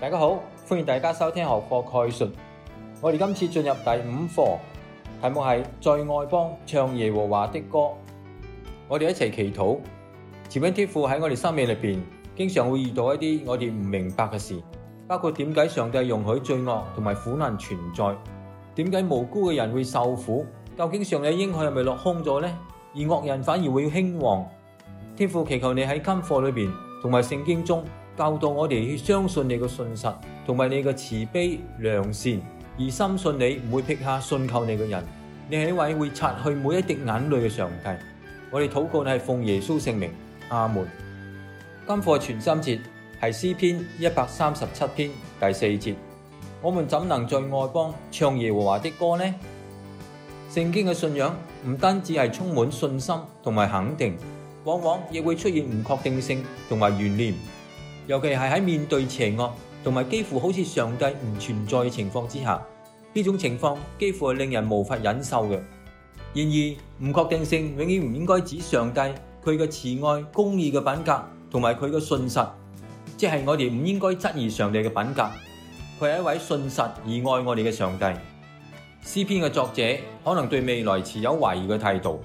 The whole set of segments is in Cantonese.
大家好，歡迎大家收聽學課概述。我哋今次進入第五課，題目係在異邦唱耶和華的歌。我哋一齊祈禱。前面天父，喺我哋生命裏邊，經常會遇到一啲我哋唔明白嘅事，包括點解上帝容許罪惡同埋苦難存在，點解無辜嘅人會受苦，究竟上帝應許係咪落空咗呢？而惡人反而會興旺。天父，祈求你喺今課裏邊同埋聖經中。教導我哋去相信你嘅信實，同埋你嘅慈悲良善，而深信你唔會撇下信靠你嘅人。你係一位會擦去每一滴眼淚嘅上帝。我哋禱告，你係奉耶穌聖名，阿門。今課存心節係詩篇一百三十七篇第四節。我們怎能在外邦唱耶和華的歌呢？聖經嘅信仰唔單止係充滿信心同埋肯定，往往亦會出現唔確定性同埋懸念。尤其係喺面對邪惡同埋幾乎好似上帝唔存在嘅情況之下，呢種情況幾乎係令人無法忍受嘅。然而，唔確定性永遠唔應該指上帝佢嘅慈愛、公義嘅品格同埋佢嘅信實，即係我哋唔應該質疑上帝嘅品格。佢係一位信實而愛我哋嘅上帝。詩篇嘅作者可能對未來持有懷疑嘅態度，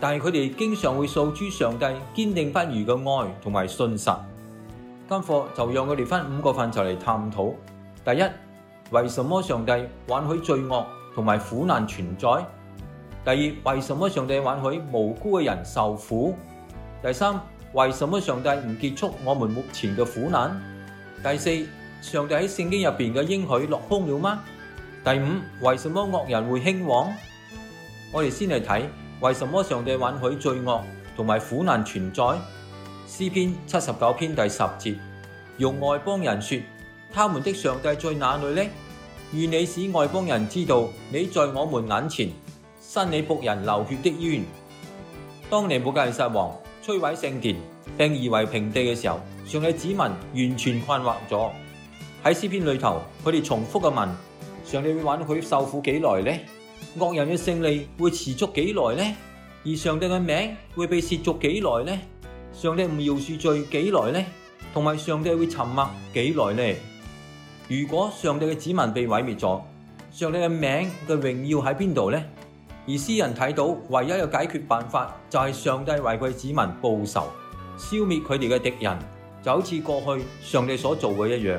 但係佢哋經常會訴諸上帝堅定不移嘅愛同埋信實。今課就讓我哋分五個範疇嚟探討：第一，為什麼上帝允許罪惡同埋苦難存在？第二，為什麼上帝允許無辜嘅人受苦？第三，為什麼上帝唔結束我哋目前嘅苦難？第四，上帝喺聖經入邊嘅應許落空了嗎？第五，為什麼惡人會興旺？我哋先嚟睇為什麼上帝允許罪惡同埋苦難存在。詩篇七十九篇第十節，用外邦人說他們的上帝在哪裏呢？願你使外邦人知道你在我們眼前，伸你僕人流血的冤。當年尼布甲尼撒王，摧毀聖殿，並夷為平地嘅時候，上帝子民完全困惑咗。喺詩篇裏頭，佢哋重複噉問：上帝會允許受苦幾耐呢？惡人嘅勝利會持續幾耐呢？而上帝嘅名會被褻瀆幾耐呢？上帝唔饒恕罪幾耐呢？同埋上帝會沉默幾耐呢？如果上帝嘅子民被毀滅咗，上帝嘅名嘅榮耀喺邊度呢？而詩人睇到唯一嘅解決辦法就係上帝為佢嘅子民報仇，消滅佢哋嘅敵人，就好似過去上帝所做嘅一樣。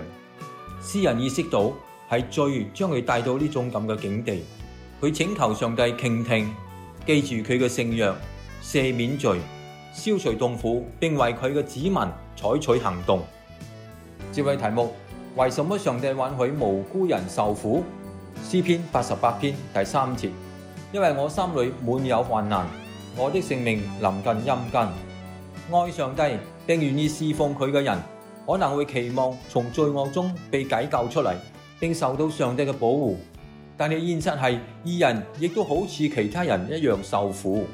詩人意識到係罪將佢帶到呢種咁嘅境地，佢請求上帝傾聽，記住佢嘅聖約，赦免罪。消除痛苦，並為佢嘅子民採取行動。接位題目：為什麼上帝允許無辜人受苦？詩篇八十八篇第三節：因為我心裏滿有患難，我的性命臨近陰間。愛上帝並願意侍奉佢嘅人，可能會期望從罪惡中被解救出嚟，並受到上帝嘅保護。但係現實係，二人亦都好似其他人一樣受苦。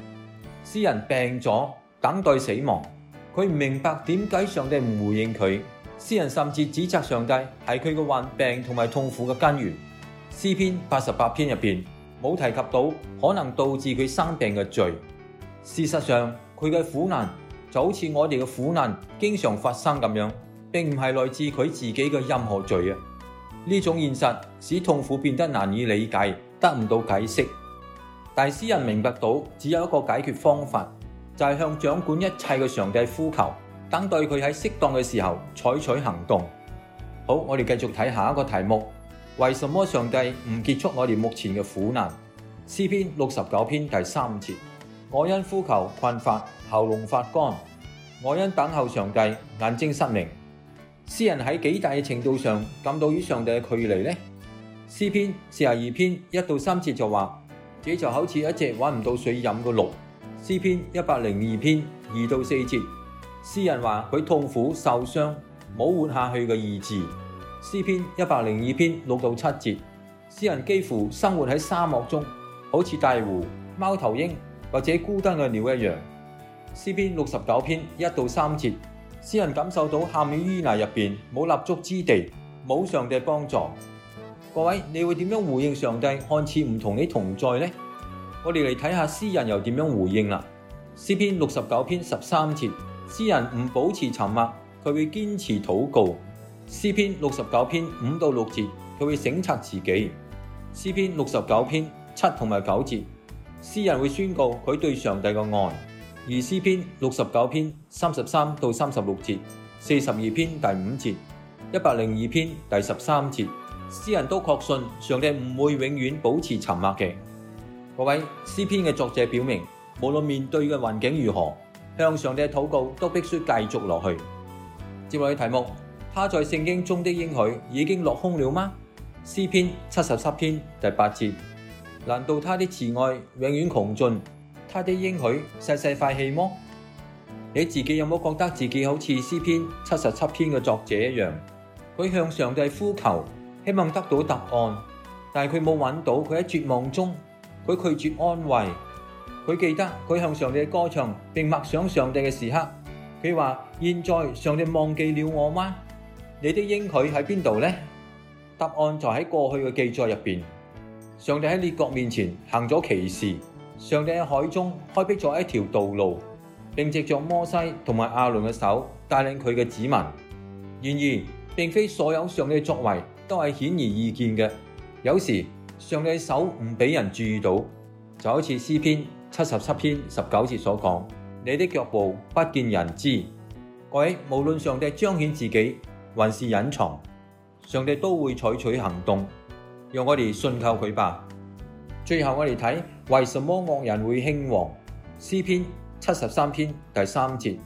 詩人病咗。等待死亡，佢唔明白點解上帝唔回應佢。詩人甚至指責上帝係佢嘅患病同埋痛苦嘅根源。詩篇八十八篇入邊冇提及到可能導致佢生病嘅罪。事實上，佢嘅苦難就好似我哋嘅苦難經常發生咁樣，並唔係來自佢自己嘅任何罪啊。呢種現實使痛苦變得難以理解，得唔到解釋。但詩人明白到只有一個解決方法。就係向掌管一切嘅上帝呼求，等待佢喺適當嘅時候採取行動。好，我哋繼續睇下一個題目：，為什麼上帝唔結束我哋目前嘅苦難？詩篇六十九篇第三節：我因呼求困乏，喉嚨發乾；我因等候上帝，眼睛失明。詩人喺幾大程度上感到與上帝嘅距離呢？詩篇四十二篇一到三節就話：這就好似一隻搵唔到水飲嘅鹿。詩篇一百零二篇，二到四節，詩人話佢痛苦受傷，冇活下去嘅意志。詩篇一百零二篇，六到七節，詩人幾乎生活喺沙漠中，好似大湖、貓頭鷹或者孤單嘅鳥一樣。詩篇六十九篇，一到三節，詩人感受到陷於淤泥入邊冇立足之地，冇上帝幫助。各位，你會點樣回應上帝看似唔同你同在呢？我哋嚟睇下詩人又點樣回應啦？詩篇六十九篇十三節，詩人唔保持沉默，佢會堅持禱告。詩篇六十九篇五到六節，佢會省察自己。詩篇六十九篇七同埋九節，詩人會宣告佢對上帝嘅愛。而詩篇六十九篇三十三到三十六節、四十二篇第五節、一百零二篇第十三節，詩人都確信上帝唔會永遠保持沉默嘅。各位詩篇嘅作者表明，無論面對嘅環境如何，向上帝禱告都必須繼續落去。接落嚟嘅題目，他在聖經中的應許已經落空了嗎？詩篇七十七篇第八節，難道他的慈愛永遠窮盡，他的應許世世廢棄嗎？你自己有冇覺得自己好似詩篇七十七篇嘅作者一樣，佢向上帝呼求，希望得到答案，但係佢冇搵到，佢喺絕望中。佢拒絕安慰，佢記得佢向上帝歌唱並默想上帝嘅時刻。佢話：現在上帝忘記了我嗎？你的應許喺邊度呢？答案就喺過去嘅記載入邊。上帝喺列國面前行咗奇事，上帝喺海中開闢咗一條道路，並藉着摩西同埋亞倫嘅手帶領佢嘅子民。然而，並非所有上帝嘅作為都係顯而易見嘅，有時，上帝手唔俾人注意到，就好似詩篇七十七篇十九節所講：你的腳步不見人知。各位，無論上帝彰顯自己還是隱藏，上帝都會採取行動，讓我哋信靠佢吧。最後我哋睇為什麼惡人會興旺？詩篇七十三篇第三節：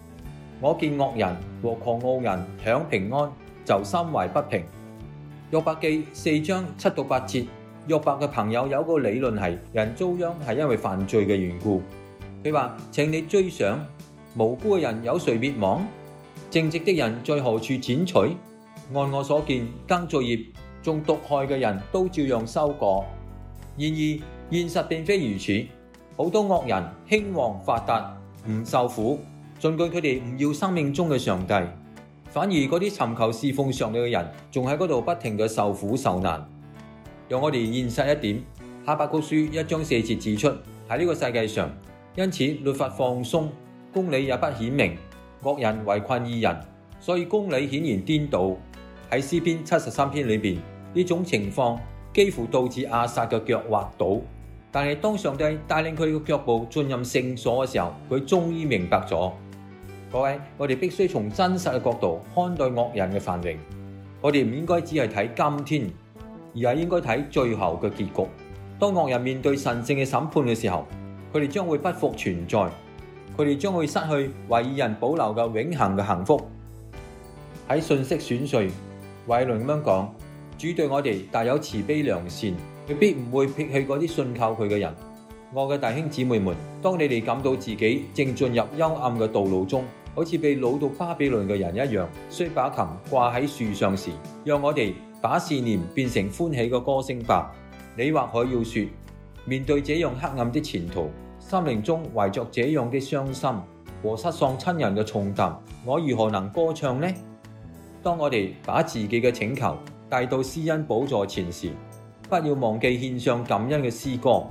我見惡人和狂傲人享平安，就心懷不平。約伯記四章七到八節。約伯嘅朋友有個理論係人遭殃係因為犯罪嘅緣故。佢話，請你追想無辜嘅人有誰滅亡？正直的人在何處剪除？按我所見，耕罪孽、種毒害嘅人都照樣收過。然而現實並非如此，好多惡人興旺發達，唔受苦，儘管佢哋唔要生命中嘅上帝。反而嗰啲尋求侍奉上帝嘅人，仲喺嗰度不停嘅受苦受難。讓我哋現實一點，哈巴谷書一章四節指出，喺呢個世界上，因此律法放鬆，公理也不顯明，惡人圍困義人，所以公理顯然顛倒。喺詩篇七十三篇裏面，呢種情況，幾乎導致亞薩嘅腳滑倒。但係當上帝帶領佢嘅腳步進入聖所嘅時候，佢終於明白咗。各位，我哋必須從真實嘅角度看待惡人嘅繁榮，我哋唔應該只係睇今天。而係應該睇最後嘅結局。當惡人面對神聖嘅審判嘅時候，佢哋將會不復存在，佢哋將會失去為義人保留嘅永恆嘅幸福。喺信息選粹，懷愛倫咁樣講：主對我哋大有慈悲良善，佢必唔會撇棄嗰啲信靠佢嘅人。我嘅弟兄姊妹們，當你哋感到自己正進入幽暗嘅道路中，好似被擄到巴比倫嘅人一樣，需把琴掛喺樹上時，讓我哋。把思念變成歡喜嘅歌聲吧。你或許要說：面對這樣黑暗的前途，心靈中懷着這樣嘅傷心和失喪親人嘅重擔，我如何能歌唱呢？當我哋把自己嘅請求帶到施恩寶座前時，不要忘記獻上感恩嘅詩歌。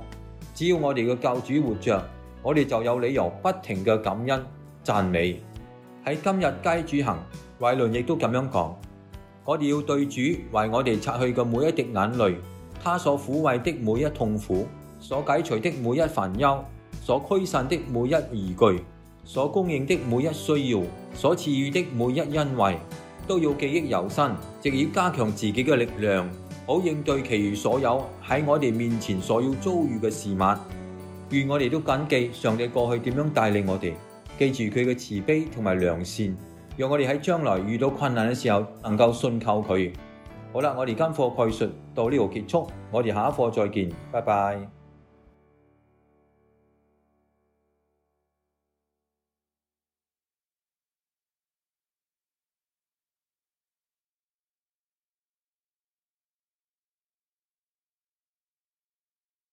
只要我哋嘅救主活着，我哋就有理由不停嘅感恩讚美。喺今日偕主行，懷倫亦都咁樣講。我哋要對主為我哋擦去嘅每一滴眼淚，他所撫慰的每一痛苦，所解除的每一煩憂，所驅散的每一疑懼，所供應的每一需要，所賜予的每一恩惠，都要記憶猶新，藉以加強自己嘅力量，好應對其餘所有喺我哋面前所要遭遇嘅事物。願我哋都謹記上帝過去點樣帶領我哋，記住佢嘅慈悲同埋良善。讓我哋喺將來遇到困難嘅時候，能夠信靠佢。好啦，我哋今課概述到呢度結束，我哋下一課再見，拜拜。